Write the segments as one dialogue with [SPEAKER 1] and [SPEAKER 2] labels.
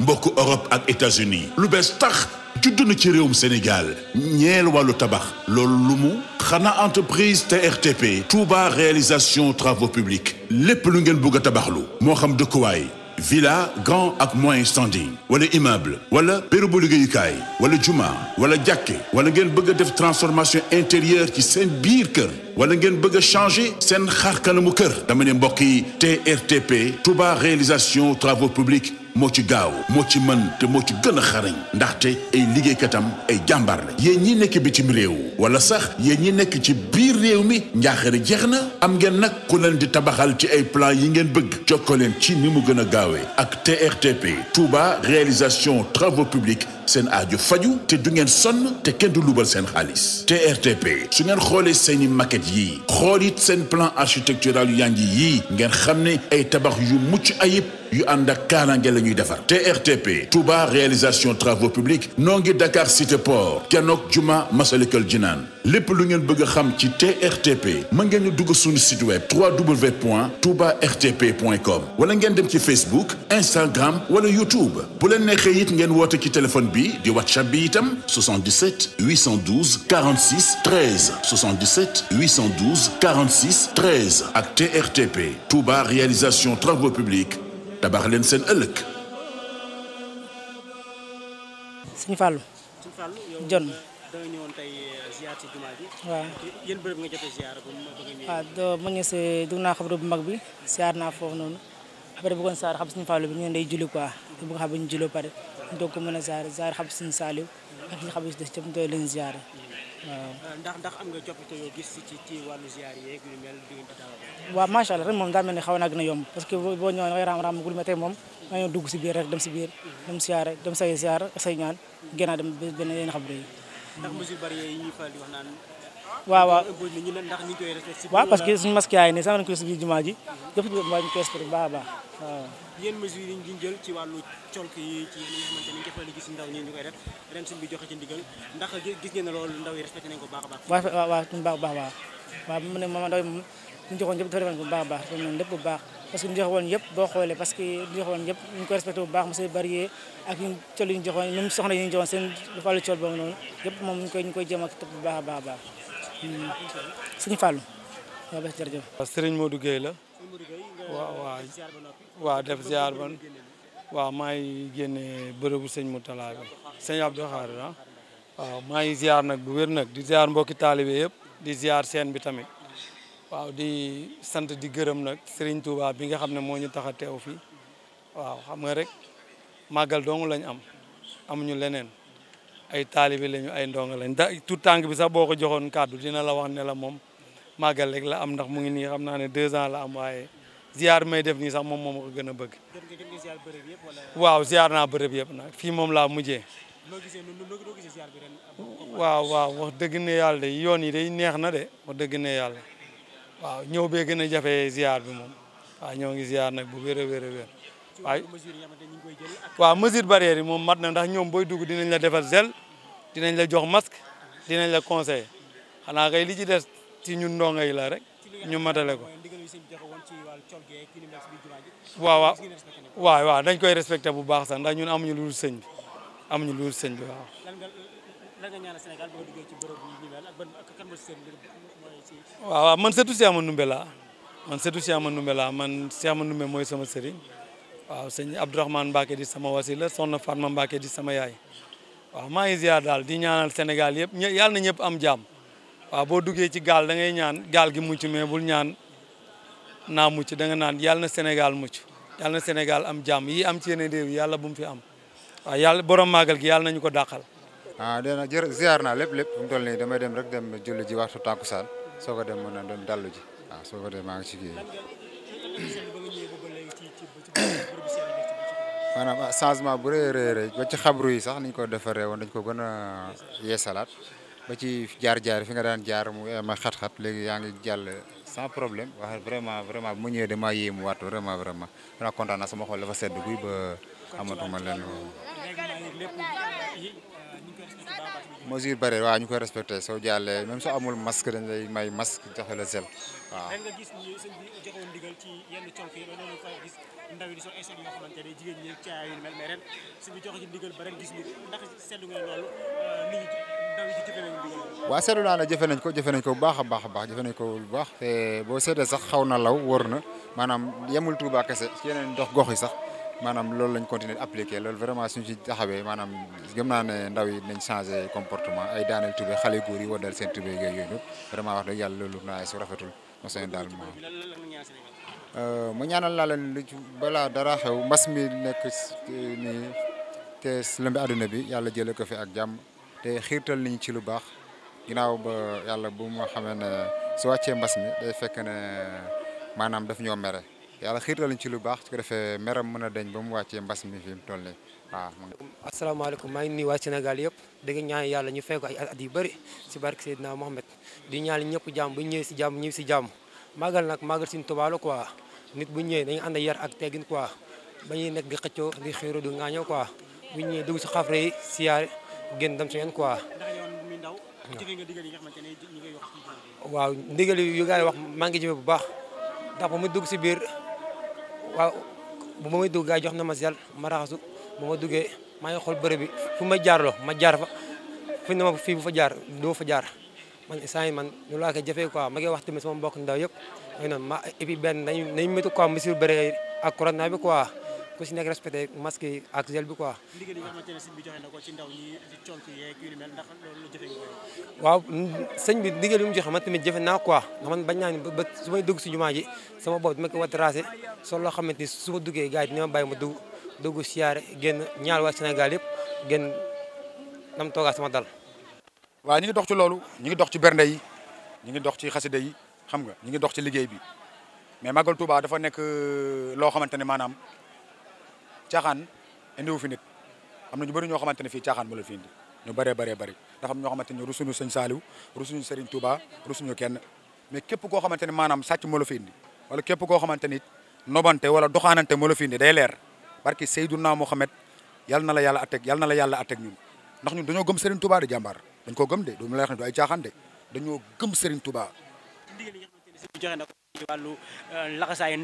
[SPEAKER 1] mbokku Europe ak états lu bees tax juddu na ci réewum Sénégal ñeel wàllu tabax loolu lu mu xanaa entreprise TRTP Touba réalisation travaux publique lépp lu ngeen bëgg a lu moo xam dëkkuwaay villa grand ak moyen standing wala immeuble wala bérébu liggéeyukaay wala juma wala jàkke wala ngeen bëgg a def transformation intérieure ci seen biir kër wala ngeen bëgg a changer seen xar kanamu kër dama ne mbokk yi TRTP Touba réalisation travaux publics moo ci gaaw moo ci mën te moo ci gën a xarañ ndaxte ay liggéeykatam ay jàmbaar la yéen ñi nekk bitim réew wala sax yéen ñi nekk ci biir réew mi njaaxare jeex na am ngeen nag ku leen di tabaxal ci ay plan yi ngeen bëgg jokkoo leen ci ni mu gën a gaawee ak TRTP Touba réalisation travaux publics seen aaju faju te du ngeen sonn te kenn du lubal seen xaalis TRTP su ngeen xoolee seeni maquette yi xool it seen plan architectural yu yànji yii ngeen xam ne ay tabax yu mucc ayib yu ànd ak kaaraange la ñuy defar TRTP Touba réalisation travaux publics noo ngi Dakar cité port kenook juma Masalikul Jinaan lépp lu ngeen bëgg xam ci TRTP mën ngeen ñu dugg suñu site web www.toubartp.com wala ngeen dem ci Facebook Instagram wala YouTube bu leen neexee it ngeen woote ci téléphone bi di whatsapp bi itam 77 812 46 13 77 812 46 13 ak TRTP Touba réalisation travaux publics tabax leen seen ëllëg.
[SPEAKER 2] Sëñ Fallou. Sëñ Fallou yow John. da nga ñëwoon tey euh, ziar ci jumaa ji.
[SPEAKER 3] mu bëgg a ah,
[SPEAKER 2] ñëw. waaw bu mag bi ziar naa foofu noonu après bëggoon saar xam Sëñ Fallou bi ñu ne day julli quoi te bëgg xam ba ñu julli pare. doo ko a ziare ziare xam suñu saaliw ak li xam si tam doo leen waaw. Euh,
[SPEAKER 3] ndax am nga coppite yoo gis ci ci wàllu ziare yeeg yu mel diggante daaw
[SPEAKER 2] waaw macha allah ren moom daa mel ni xaw naa gën a yomb parce que boo ñëwee da ngay raam-raam gul tey moom da ngay dugg si biir rek dem si biir dem siyaare dem say ziare ak say ñaan gën a dem benn yeneen xabre yi. ndax
[SPEAKER 3] mesures waaw waaw waaw parce que suñu
[SPEAKER 2] masque yaay ne sax nañ ko respecté jumaa ji yëpp jumaa ji ñu ko respecté bu baax a baax waaw
[SPEAKER 3] yéen mesures jël ci wàllu colk yi ci yéen nga xamante ni jëfale gis ndaw ñi ndax gis ngeen ne loolu ndaw yi a baax a baax
[SPEAKER 2] waaw waaw ñu joxoon yëpp dafa defoon bu baax baax dafa noonu lépp bu baax parce que ñu joxe woon boo xoolee parce que ñu joxe woon yëpp bu baax monsieur Barrier ak ñu col yi ñu joxoon même soxna ñu joxoon seen wàllu col boobu noonu yëpp moom ñu koy ñu bu baax a baax baax sëñ Fallou
[SPEAKER 4] waaw bés la waaw waaw def ziar ban waaw maa ngi génnee bërëbu sëñ Moutala bi sëñ Abdou Khadre waaw maa ngi ziar nag bu wér nag di ziar mbokki taalibe yëpp di ziar seen bi tamit waaw di sant di gërëm nag Serigne Touba bi nga xam ne moo ñu tax a teew fi waaw xam nga rek màggal dong lañ am amuñu leneen. ay taalibe lañu ay ndongo lañ da tout tànk bi sax boo ko joxoon kàddu dina la wax ne la moom màggal rek la am ndax mu ngi nii xam naa ne deux ans la am waaye ziar may nii sax moom moom ko gën a bëgg. waaw ziar naa bërëb yëpp nag fii moom laa mujjee. waaw waaw wax dëgg ne yàlla de yoon yi day neex na de wax dëgg ne yàlla waaw ñëw bee gën a jafe ziar bi moom waaw ñoo ngi ziar nag bu wér a wér waaw mesure barrière moom mat na ndax ñoom booy dugg dinañ la defal zel dinañ la jox masque dinañ la conseiller xanaa kay li ci des ci ñun ndongo yi la rek ñu matale ko waaw waaw waaw waaw dañ koy respecte bu baax sax ndax ñun amuñu lu sëñ bi amuñu lu sëñ bi waaw man seetu si ama numbe man seetu si ama numbe man si ama numbe mooy sama sëriñ waaw sëñ Abdourahmane Mbacke di sama wasila soxna Fatma Mbacke di sama yaay waa maa ngi daal di ñaanal Sénégal yëpp yàlla na ñëpp am jàmm waaw boo duggee ci gaal da ngay ñaan gaal gi mucc mais bul ñaan naa mucc da nga naan yàlla na senegal mucc yàlla na Sénégal am jàmm yi am ci yeneen réew yàlla bu mu fi am waaw yàlla borom màggal gi yàlla nañu ko dàqal.
[SPEAKER 5] ah dégg naa jërë ziar naa lépp lépp fu damay dem rek dem julli ji waxtu tàkkusaan soo ko dem mën a dem dallu ji waaw ngi ci kii maanaam ah, changement bu rëy rëy ci xabru yi sax niñ ko defaree woon dañ ko gën a yeesalaat ba ci jaar-jaar fi nga daan jaar mu eh, ma xat-xat léegi yaa ngi jàll sans problème wax vraiment vraiment bu mu ñëwee damaa yéemu waat vraiment vraiment dama kontaan naa sama xol dafa sedd guy ba amatuma leen mesure barrière waaw ñu koy respecté soo jàllee même soo amul masque dañ lay may masque joxe la sel waaw. ren
[SPEAKER 3] nga gis ndigal ci yenn conk ren sëñ bi joxe ndigal ba gis ni ndax seetlu nga loolu euh, nit ñi ndaw yi
[SPEAKER 5] nañ ndigal. ko jëfe nañ ko bu baax a baax a baax jëfe nañ ko bu baax te boo seetee sax xaw na law wër na maanaam yemul Touba kese ci yeneen dox gox yi sax maanaam loolu lañ continuer appliquer loolu vraiment suñ ci taxawee maanaam gëm naa ne ndaw yi nañ changé comportement ay daaneel tubé xale góor yi wadal seen tubé yooyu yooyu vraiment wax yàlla loolu naa su rafetul mosen daal mo euh, ma ñaanal laa leen lu ci balaa dara xew mbas mi nekk nii te lëmbi àdduna bi yàlla jële ko fi ak jàmm te xiirtal niñ ci lu baax ginnaaw ba yàlla bu ma xamee ne soo wàccee mbas mi day fekk ne maanaam def ñoo mere xiir xiirtal ñu ci lu baax ci ko defee meram mën a deñ ba mu wàccee mbas mi fi mu toll nii waaw. asalaamaaleykum
[SPEAKER 6] maa ngi nuyu waa Sénégal yëpp dégg ñaan yàlla ñu fekk ay at yu bëri si barke Seydina Mohamed di ñaan ñëpp jàmm bu ñu ñëwee si jàmm ñëw si jàmm màggal nag màggal suñu Tuubaa la quoi nit bu ñëwee dañu ànd yar ak teggin quoi ba ñuy nekk di xëccoo di xéero du ngaañoo quoi bu ñu ñëwee dugg si xafre yi siyaare génn dem si ngeen quoi. waaw ndigal yu wax maa ngi jëfe bu baax ndax ba mu dugg si biir waaw bu ma may dugg jox na ma sel ma raxasu bu ma duggee maa ngi xool bërëb bi fu ma jaarloo ma jaar fa fu na ma fii bu fa jaar doo fa jaar man saa man ñu laa koy jafee quoi ma koy wax tamit sama mbokk ndaw yëpp. xëy na ma et puis benn nañu nañu métti quoi mesure bëre ak corona bi quoi. ku si nekk respecté masque yi ak gel bi quoi.
[SPEAKER 3] nga xamante ne sëñ bi joxe na ko ci ni mel ndax loolu jëfe
[SPEAKER 6] nga waaw tamit jëfe naa quoi nga man bañ naa ba su may dugg si jumaa sama bopp dama ko war a loo xamante ni su ma duggee gars yi dina ma bàyyi ma dugg dugg siyaare génn ñaar waa Sénégal yëpp génn
[SPEAKER 7] nam toogaa sama dal waa ñu ngi dox ci loolu ñu ngi dox ci bernde yi ñu ngi dox ci xasida yi xam nga ñu ngi dox ci liggéey bi mais Magal Touba dafa nekk euh, loo xamante ne maanaam caaxaan indiwu fi nit am na ñu bëri ñoo xamante ne fii caaxaan mu la fi indi ñu bëree mais képp koo xamante ne maanaam sàcc la fi indi wala képp koo xamante ni nobante wala doxaanante mu la fi indi day leer barki Seydunaa Muhammad yal na la yàlla a yal ñun ndax ñun dañoo gëm Serigne Touba di jàmbaar dañ koo gëm de du ma la
[SPEAKER 3] euh,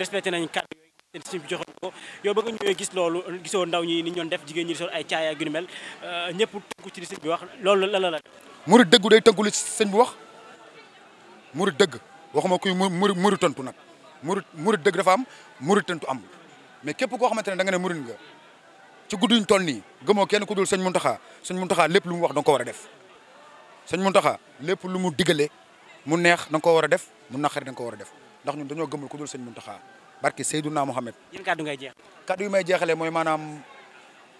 [SPEAKER 3] euh, nañ kàddu sëñ bi joxoon ko yow ba nga ñëwee gis loolu gisoo ndaw ñi ni ñu doon def jigéen ñi di sol ay caaya ak yu mel euh, ñëpp tënku ci li sëñ bi wax loolu la la la. murid
[SPEAKER 7] dëgg day tënku li sëñ bi wax murid dëgg waxuma kuy murid murid tontu nag murid murid dëgg dafa am murid tontu am mais képp koo xamante ne da nga ne murid nga ci guddi nii gëmoo kenn ku dul sëñ Muntaxa sëñ Muntaxa lépp lu mu wax da ko war a def sëñ Muntaxa lépp lu mu digale mu neex da nga ko war a def mu naqari da nga ko war def ndax ñu dañoo gëmul ku dul sëñ Muntaxa barki Seydouna Mohamed.
[SPEAKER 3] yéen kàddu ngay jeex.
[SPEAKER 7] kàddu yi may jeexalee mooy maanaam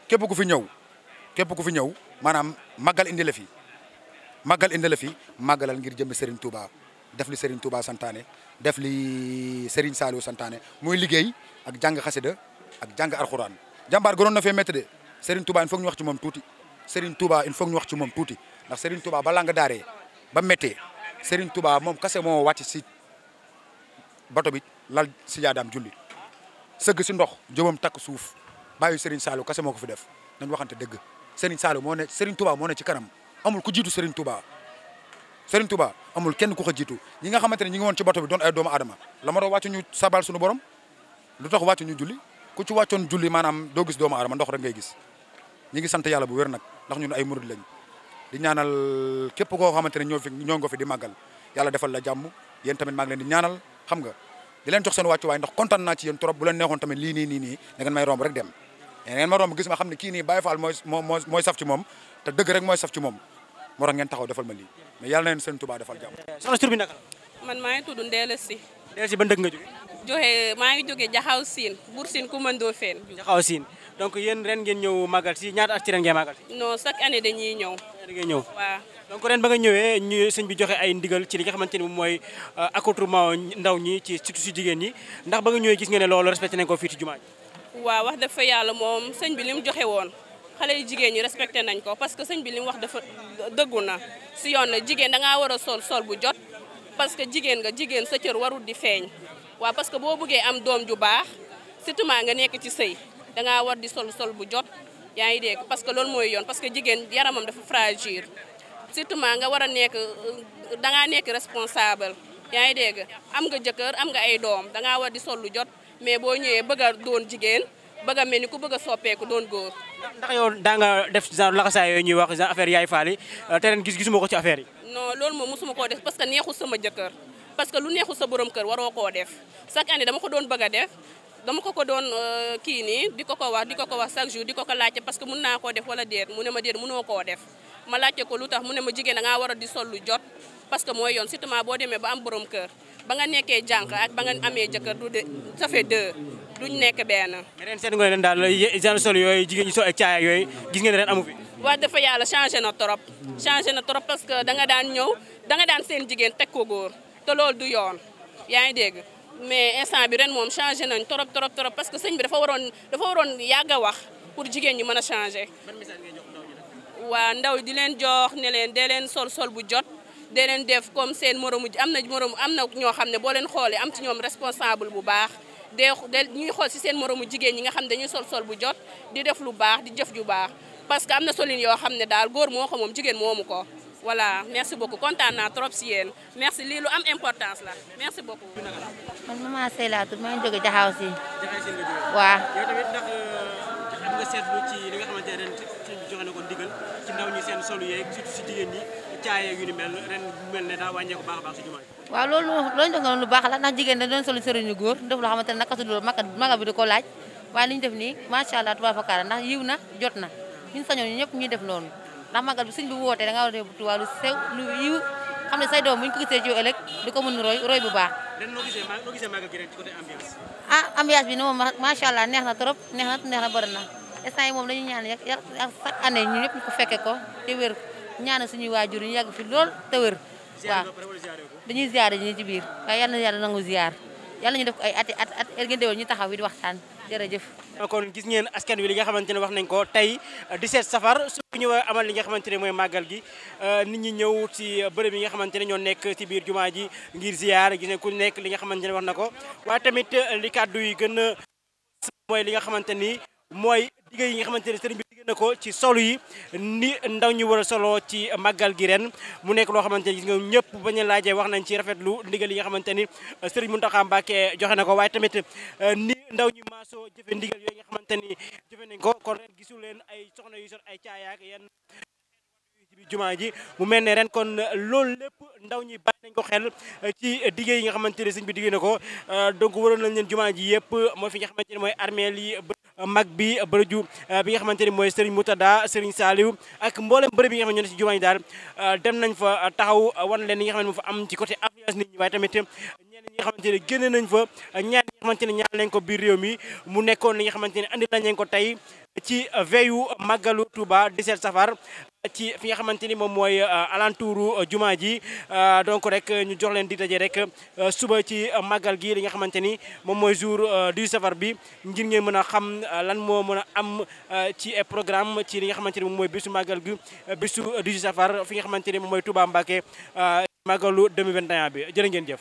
[SPEAKER 7] képp ku fi ñëw képp ku fi ñëw maanaam màggal indi la fi màggal indi la fi màggalal ngir jëm Serigne Touba def li Serigne Touba santaane def li Serigne Saliou santaane muy liggéey ak jàng xasida ak jàng alxuraan jàmbaar gënoon na fee métti de Serigne Touba il faut ñu wax ci moom tuuti seriñ Touba il faut ñu wax ci moom tuuti ndax Serigne Touba balaa nga daare ba méttee Serigne Touba moom kase moo wàcc si. bato bi lal si jaadaam julli sëgg si ndox jëmam takk suuf bàyyi Serigne Saliou kese moo ko fi def nañ waxante dëgg Serigne Saliou moo ne Serigne Touba moo ne ci kanam amul ku jiitu Serigne Touba Serigne Touba amul kenn ku ko jiitu ñi nga xamante ne ñi ngi woon ci bato bi doon ay doomu aadama la ma doon wàccu ñu sabal suñu borom lu tax wàccu ñu julli ku ci wàccoon julli maanaam doo gis doomu aadama ndox rek ngay gis ñi ngi sant yàlla bu wér nag ndax ñun ay murid lañ di ñaanal képp koo xamante ne ñoo fi ñoo nga fi di màggal yàlla defal la jàmm yéen tamit maa leen di ñaanal xam nga di leen jox seen wàccuwaay ndax kontaan naa ci yéen trop bu leen neexoon tamit lii nii nii nii may romb rek dem da ngeen ma romb gis ma xam ne kii nii Baye Fall mooy moo mooy saf ci moom te dëgg rek mooy saf ci moom moo tax ngeen taxaw defal ma lii mais yàlla na leen seen Touba defal jàmm.
[SPEAKER 8] man maa ngi tudd Ndéelé Si.
[SPEAKER 7] Ndéelé Si ban dëkk nga jógee.
[SPEAKER 8] joxe maa ngi jógee Jaxaw Siin Buur Siin Kumandoo Feen. Jaxaw Siin donc
[SPEAKER 3] yéen ren ngeen ñëw màggal si ñaata at ci
[SPEAKER 8] ngeen da ngay ñëw waaw donc ren ba
[SPEAKER 3] nga ñëwee ñu sëñ bi joxe ay ndigal ci li nga xamante ni moom mooy euh, accoutrement ndaw ñi ci surtout si jigéen ñi ndax ba nga ñëwee gis nga ne loolu respecté nañ ko fii ci jumaa ji
[SPEAKER 8] waaw wax dafa yàlla moom sëñ bi li mu joxe woon xale yi jigéen ñi respecté nañ ko parce que sëñ bi li mu wax dafa dëggu na si yoon na jigéen dangaa war a sol sol bu jot parce que jigéen nga jigéen sa cër warul di feeñ waaw parce que boo bëggee am doom ju baax surtout nga nekk ci sëy dangaa sol sol bu jot yaa ngi dégg parce que loolu mooy yoon parce que jigéen yaramam dafa fragile surtout maa nga war a nekk euh, dangaa nekk responsable yaa ngi dégg am nga jëkkër am nga ay doom dangaa war di sol lu jot mais boo ñëwee bëgg a doon jigéen bëgg a mel ni ku bëgg a soppeeku doon góor.
[SPEAKER 3] ndax yow daa nga def genre laxasaay yooyu ñuy wax genre affaire yaay faal yi euh, te ren gis gisuma ko ci affaire yi.
[SPEAKER 8] non loolu moom mosuma koo def parce que neexul sama jëkkër parce que lu neexul sa borom kër waroo koo def chaque année dama ko doon bëgg a def dama ko ko doon euh, kii nii di ko ko wax di ko ko wax chaque jour di ko ko laajte parce que mun naa koo def wala déet mu ne ma déet munoo ko def ma laajte ko lu tax mu ne ma jigéen da ngaa war a di sol lu jot parce que mooy yoon surtout boo demee ba am borom kër ba nga nekkee jànq ak ba nga amee jëkkër du de ça fait deux duñ nekk benn. mais ren seetlu nga ren
[SPEAKER 3] daal genre yooyu jigéen ñi sol ak caaya yooyu gis ngeen ren amu
[SPEAKER 8] fi. yàlla changé na trop changé na trop parce que da nga daan ñëw da nga daan seen jigéen teg ko góor te loolu du yoon yaa ngi dégg. mais instant bi ren moom changé nañ trop trop trop parce que sëñ bi dafa waroon dafa waroon yàgg wax pour jigéen ñi mën a changé. waa ndaw di leen jox ne leen dee leen sol sol bu jot. de leen def comme seen moromu am na moromu am na ñoo xam ne boo leen xoole am ci ñoom responsable bu baax. dee de ñuy xool si seen moromu jigéen ñi nga xam ne dañuy sol sol bu jot def lu baax di jëf ju baax parce que am na solin yoo xam ne daal góor moo ko moom jigéen moom ko. voilà merci beaucoup kontaan naa trop si merci lii lu am importance la merci beaucoup. man
[SPEAKER 2] maman Seye laa tudd maa ngi
[SPEAKER 3] euh, seen solu yeeg surtout a baax
[SPEAKER 7] loolu loolu ñu lu baax la ndax jigéen dañu doon solu sëriñu góor def loo xamante ne naka su dul maka bi di ko laaj waaye li ñu def nii macha allah tubaab fakkaara ndax yiw na jot na ñun sañoon ñu ñëpp ñu def noonu ndax màggal bi sëñ bu wootee danga ngaa war a sew lu yiw xam ne say doom bu ñu ko gisee ci ëllëg di ko mën roy roy bu baax ah ambiance bi na moom macha allah neex na trop neex na neex na bëri na instant yi moom dañuy ñaan yàq yàq chaque année ñu ñëpp ñu ko fekke ko te wér ñaana suñuy waajur ñu yàgg fi lool te wér waaw dañuy ziar ñi ci biir waaye yal na yàlla nangu ziar yàlla ñu def ko ay ati at at ngeen déwén ñu taxaw yi di waxtaan jërëjëf
[SPEAKER 3] kon gis ngeen askan wi li nga xamante ne wax nañ ko tey 17 safar su ñu amal li nga xamante ne mooy màggal gi euh, nit ñi ñëw ci bërëb yi nga xamante ne ñoo nekk ci biir jumaa ji ngir ziyaar gis ne ku nekk li nga xamante ne wax na ko waaye tamit li kàddu yi gën a mooy li nga xamante ni mooy digg yi nga xamante ne bi na ko ci solo yi ni ndaw ñi war a solo ci màggal gi ren mu nekk loo xamante ni gis nga ñëpp bañ a laajee wax nañ ci rafetlu ndigal yi nga xamante ni euh, Serigne Mountakha ke joxe na ko waaye tamit euh, ni ndaw ñu maasoo jëfe ndigal yooyu nga xamante ni jëfe nañ ko kon ren gisul leen ay soxna yu sot ay caayaak yenn ci biir jumaa ji mu mel ne ren kon euh, loolu lépp ndaw ñi bàyyi nañ ko xel euh, ci diggée yi nga xamante ne sëñ bi diggée na ko euh, donc waroon nañ leen jumaa ji yëpp moo fi nga xamante ne mooy armeel yi mag bi bërëju bi nga xamante ne mooy Serigne Moutada Serigne Saliou ak mboolem bërëb bi nga xam ne ñoo ne si jumaa ji daal dem nañ fa taxaw wan leen nga xam ne moo fa am ci côté affluence nit ñi waaye tamit ñenn ñi nga xamante ne génne nañ fa ñaar ñi nga ko biir mi mu nekkoon li nga xamante ne andi lañ leen ko tey ci veyu màggalu Touba 17 safar ci fi nga xamante ni moom mooy euh, alentouru euh, juma ji euh, donc rek ñu jox leen di daje rek suba ci màggal gi li nga xamante ni moom mooy jour du safar bi ngir ngeen mën a xam lan moo mën a am ci programme ci li nga xamante ni moom mooy bisu màggal gi bisu du safar fi nga xamante ni moom mooy Touba Mbacké màggalu 2021 bi jërë ngeen jëf.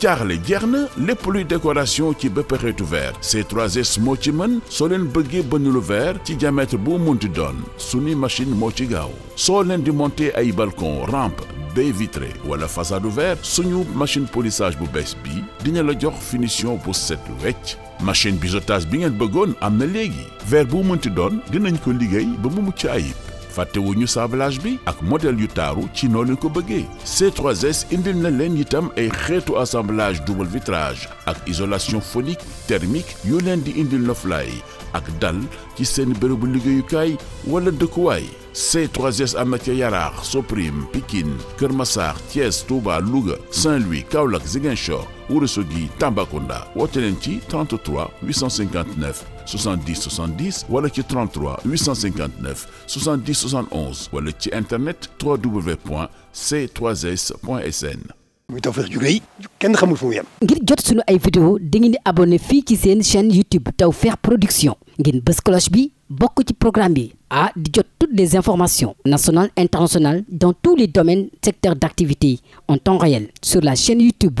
[SPEAKER 1] jaaxle jeex na lépp luy décoration ci ba pexeetu verre C3S moo ci mën soo leen bëggee nu lu verre ci diamètre bu munti doon suñu machine moo ci gaaw soo leen di monter ay balcon ramp baie vitrée wala façade ouverte suñu machine polissage bu bees bi dina la jox finition bu set wecc machine biseautage bi ngeen bëggoon am na léegi ver bu munti doon dinañ ko liggéey ba mu mucc ayib fàttewuñu sablage bi ak modèle yu taaru ci noolu ñu ko bëggee c 3 indil na leen itam ay xeetu assemblage double vitrage ak isolation phonique thermique yu leen di indil noflaay ak dal ci seen bërëbu liggéeyukaay wala dëkkuwaay. C3S am na ca Yaraax Soprim Pikine Kër Massar Thiès Touba Louga Saint-Louis Kaolack Ziguinchor. Ourossogui Tambacounda woote leen ci 33 859 70 70 wala ci 33 859 70 71 wala ci internet www.c3s.sn. muy Tawfekh ju rëy kenn xamul fu mu
[SPEAKER 8] ngir jot sunu ay vidéo dangeen di abonné fii ci seen chaîne YouTube Tawfekh Production ngeen bës cloche bi bokk ci programme bi ah di jot toutes les informations nationales internationales dans tous les domaines secteurs d'activité en temps réel sur la chaîne YouTube.